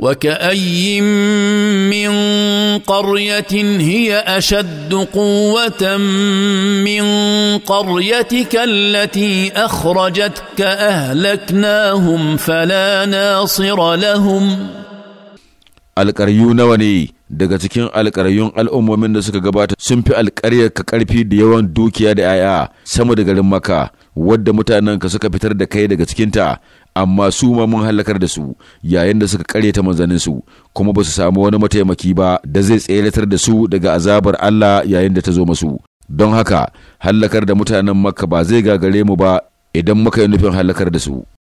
وكأي من قرية هي أشد قوة من قريتك التي أخرجتك أهلكناهم فلا ناصر لهم alƙaryu nawa ne daga cikin alƙaryun al'ummomin da suka gabata sun fi ka ƙarfi da yawan dukiya da 'ya'ya sama da garin maka wadda mutanenka suka fitar da kai daga cikinta amma su ma mun halakar da su yayin da suka kare karyata manzanninsu kuma ba su samu wani mataimaki ba da zai tseratar da su daga azabar Allah yayin da ta zo masu don haka halakar da mutanen makka ba zai gagare mu ba idan muka yi nufin halakar da su